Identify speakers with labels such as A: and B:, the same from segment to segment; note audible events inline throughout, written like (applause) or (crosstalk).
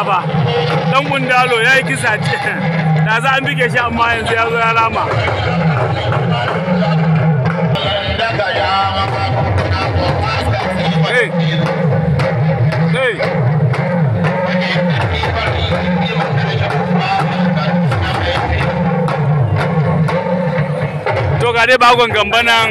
A: kisa ba dan gundalo ya yi kisa ce da za an bige shi amma yanzu ya zo ya rama to ga dai bagon gamba nan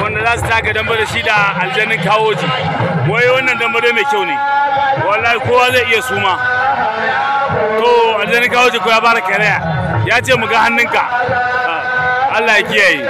A: wanda za su taka shi da aljanin kawoji wai wannan dambar mai kyau ne wallahi kowa zai iya suma to aljani kawo ya bara kare ya ce mu ga hannunka ah, Allah ya kiyaye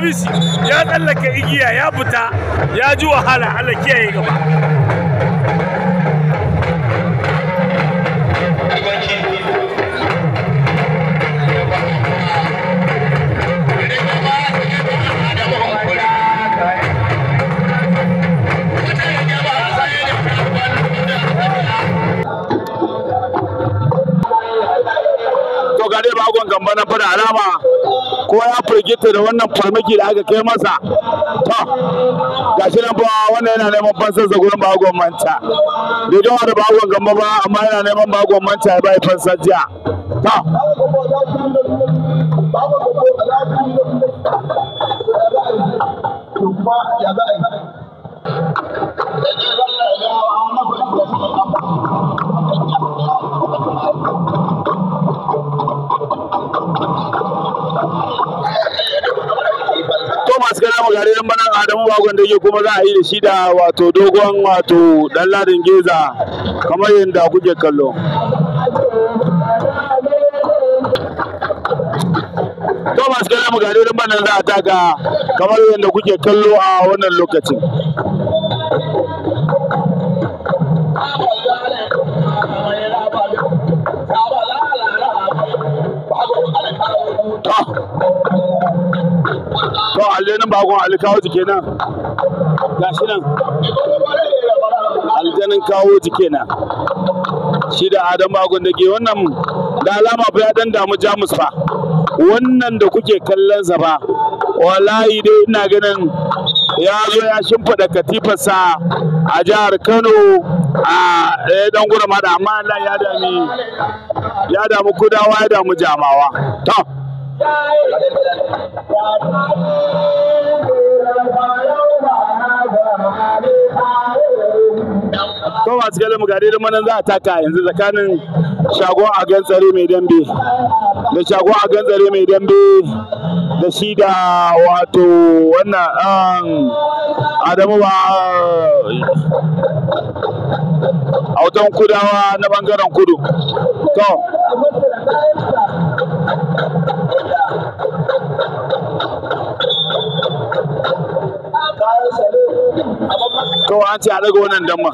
A: Hamisu ya tsallaka igiya ya fita ya ji wahala Allah kiyaye gaba. To gamba na fara alama ko ya firgita da wannan farmaki da aka kai masa to shi nan ba wannan yana neman fansar da gurin bagon manta da don da bagon gamba ba amma yana neman bagon manta ya bai fansar jiya to ya za a yi gaskiya mu gare magaririn bana adamu bagon da yake kuma za a yi da shi da wato dogon wato dan ladin geza kamar yadda kuke kallo To mu gare garirin bana za a taka kamar yadda kuke kallo a wannan lokacin Oh. to alle nan bakon ali kawo jike nan gashi nan aljanin kawo jike nan shi da adam bakon da ke wannan da alama ba ya dan damu jamus fa wannan da kuke kallon sa ba wallahi dai ina ganin ya zo ya shimfiɗa katifarsa a jihar kano a ɗaya eh, dan gura amma Allah ya dami ya damu kudawa ya damu jamawa to ko masu galin gari da za a taka yanzu tsakanin shago a gantsare mai dambe da shago a mai dambe da shi da wato wannan um, adamu ba autan kudawa na bangaren kudu to to an ce a daga wannan damma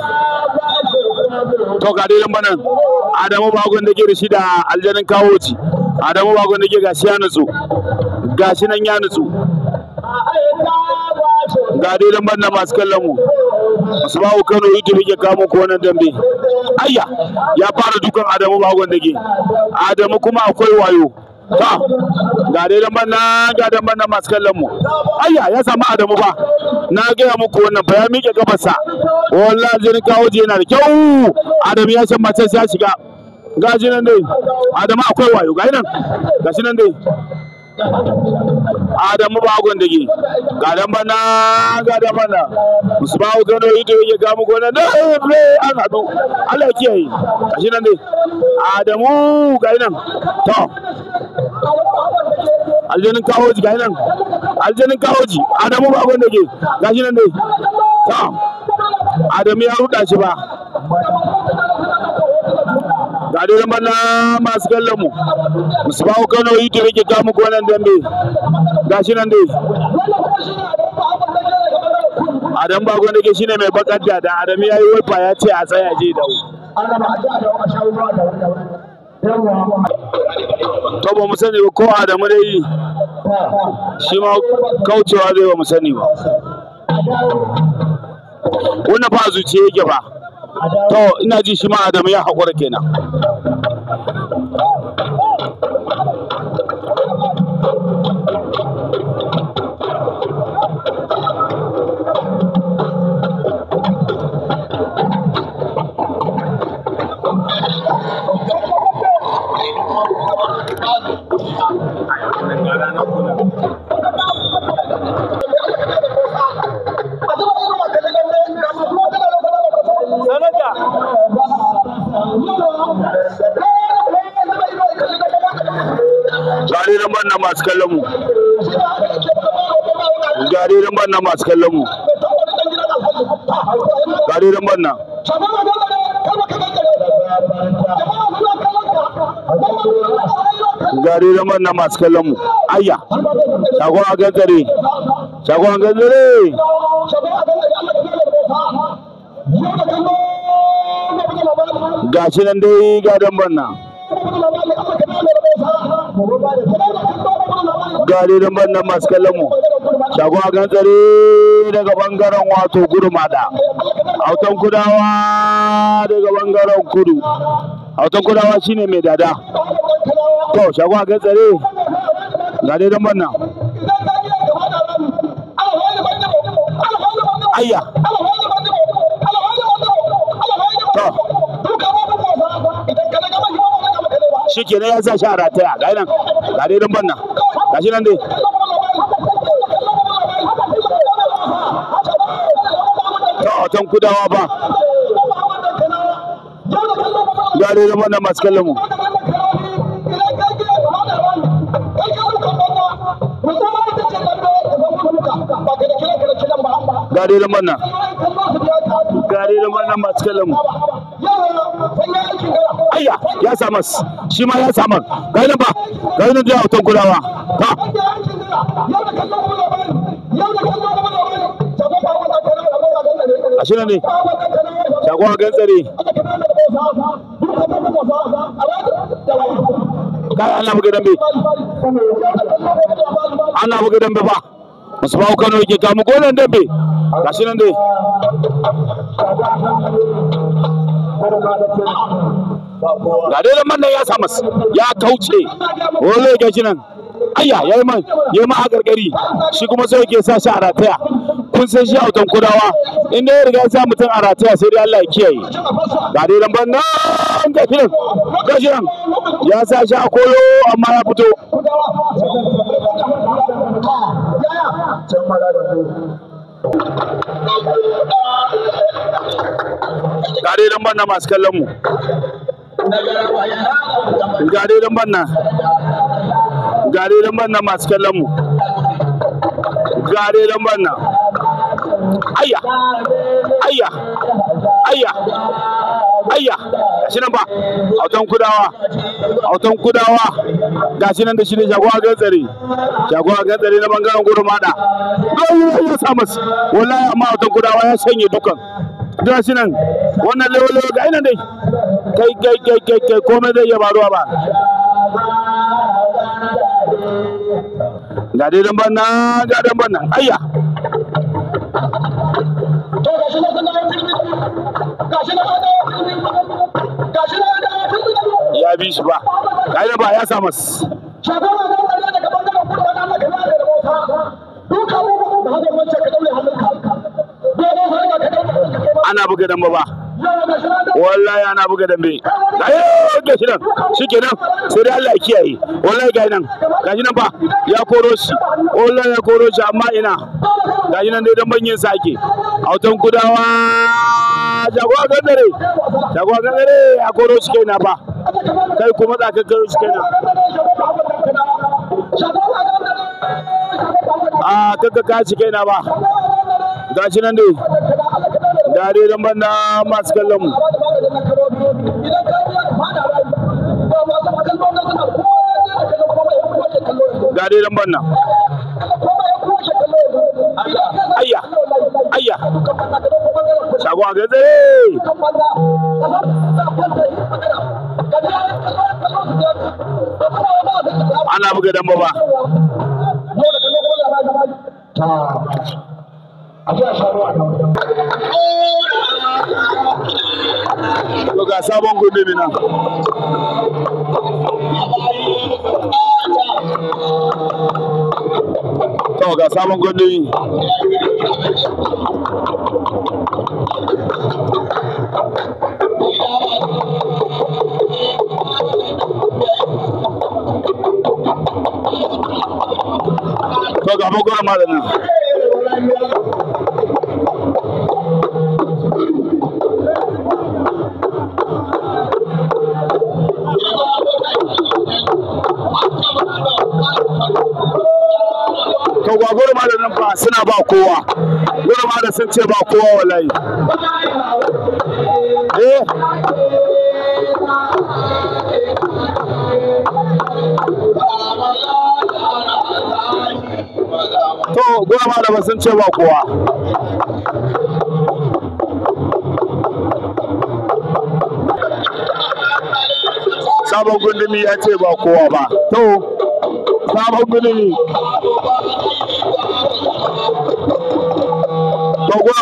A: to ga dai lamba nan adamu bagon da ke da shi da aljanin kawo adamu bagon da ke gashi ya nutsu gashi nan ya nutsu ga dai lambar nan masu kallon mu su bawo kano tafi ke kamo ko wannan dambe ayya ya fara dukan adamu bagon da ke adamu kuma akwai wayo ta ga dai lambar na ga lambar na masu kallon mu ayya ya samu adamu ba. na gaya muku wannan fa ya miƙe gabasa. wallahi jirin kawo yana da kyau adamu ya san matar ya shiga ga nan dai adamu akwai wayo ga nan ga nan dai Adamu Bagon da ke gadan bana gadan bana no ido ya ga mu gona na ble an hadu Allah yi shi nan dai Adamu ga nan to Aljanin Kawoji ga nan Aljanin Kawoji Adamu Bagon da ke shi nan dai to Adamu ya ruda shi ba ga dai bana masu kallon mu musu bawo kano yi tare ke kamu ko nan dambe ga shi nan dai adam bago nake shine mai bakar da da adam ya yi waifa ya ce a tsaya je da to ba mu sani ba ko adamu dai shi ma kaucewa zai ba mu sani ba wannan fa zuciya yake ba to ina ji shi ma Adamu ya haƙura kenan gari don banna masu kallon mu gari don banna gari don banna masu kallon mu ayya shagon a gangare shagon a gangare gashi nan dai gadon banna gari da bannan masu kallon mu shagon a gan daga bangaren wato mada autan kudawa daga bangaren kudu autan kudawa shine mai dada to shagon a gan tsare gari da bannan ayya shi kenan ya sa shi a rataya ga nan ga dai lambar banna ga shi nan dai ta otan kudawa ba ga dai lambar banna masu kallon mu ga dai lambar nan ga dai lambar nan masu kallon mu ayya ya samas shi ma ya samar? gani ba gani da ya hoton kulawa ka a shi ne shagon hagen tsare kai ana buga dambe ana buga dambe ba masu ba kano yake kamu golan dambe ga shi nan dai ga dai man nan ya samu ya kauce wole ga shi nan ayya yayi man ya ma a gargari shi kuma sai yake sa shi a rataya kun san shi a wutan kudawa inda ya riga sa mutum a rataya sai dai Allah ya kiyaye ga dai lambar nan ga shi nan ga shi nan ya sa shi a koyo amma ya fito Tare don masu kallon mu. ga dai banna nan ga dai nan masu kallon mu ga dai lambar nan ayya ayya ayya ayya gashi nan ba autan kudawa autan kudawa gashi nan da shi ne jagowa gantsari jagowa gantsari na bangaren gurmada don yi sa masu wallahi amma autan kudawa ya sanye dukan da shi nan wannan lewalewa ga ina dai kai kai kai kai kai komai zai iya baruwa ba ga dai dan banna ga dan banna ayya ya bi shi ba ga ba ya samu buga dambe ba wallahi ana buga dambe ga shi nan nan sai dai Allah ya kiyaye wallahi ga nan ga nan ba ya koro shi wallahi ya koro shi amma ina ga nan dai dan banyin sake autan kudawa jagowa gandare jagowa dare, ya koro shi kaina ba kai kuma za ka koro shi kaina a ah, kaka ka shi na ba gashi nan dai gare da banda masu kallon mu gare da banda ayya ayya shago a gazare ana buga damba ba to ga sabon gundumi nan to ga sabon gundumi to ga magoran malamin ba kowa wani ma da sun ce ba kowa walayi eh? to to ma da ba sun ce ba kowa sabon gundumi ya ce ba kowa ba to sabon gundumi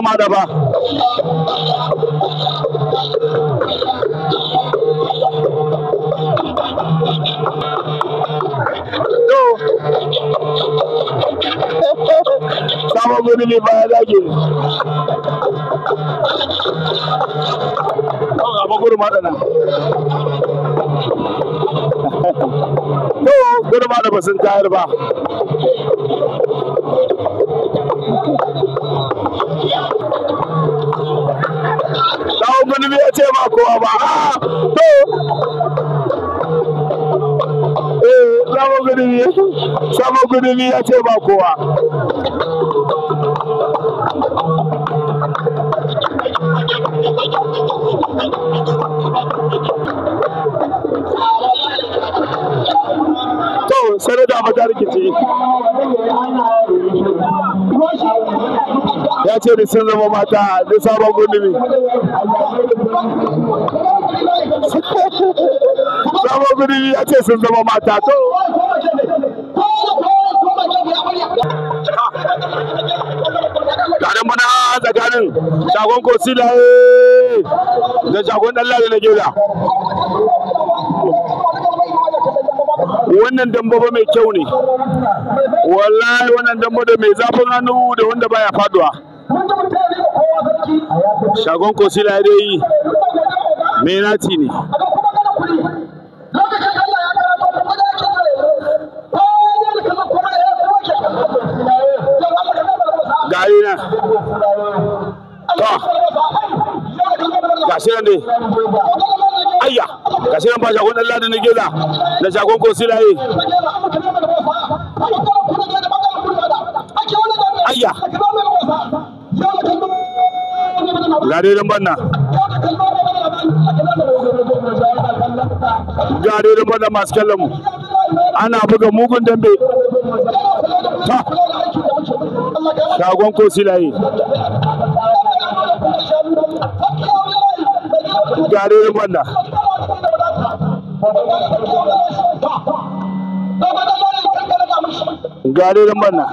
A: ma da ba. Sama guri ne baya zage. Kawai gaba guri nan. Yau (laughs) guri maɗa ba sun tayar ba. ilimi ya ce ba kowa ba ah, to eh, sabon gudumi sabon gudumi ya ce ba kowa to da mata rikici ya ce da sun zama mata da sabon gudumi Zama guri ya ce sun zama mata to. Garin tsakanin shagon Kosila eh, da shagon Ɗanlari na Gela. Wannan damba ba mai kyau ne. Wallahi wannan damba da mai zafin hannu da wanda baya faduwa. shagon kosila dai menati ne gari nan to gashi nan dai ayya gashi nan ba shagon ɗan ladin na geza da shagon kosila yi ga dai banna ga dai banna masu kallon mu ana buga mugun dambe ta shagon ko silaye ga dai banna ga dai banna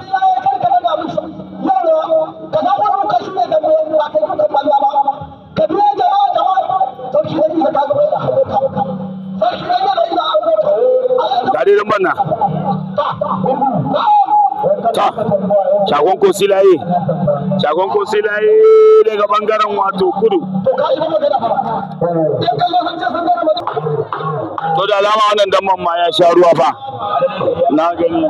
A: Ghana. ta shagon kosilaye shagon kosilaye daga bangaren wato kudu to da alama wannan damman ma ya sha ruwa fa na gani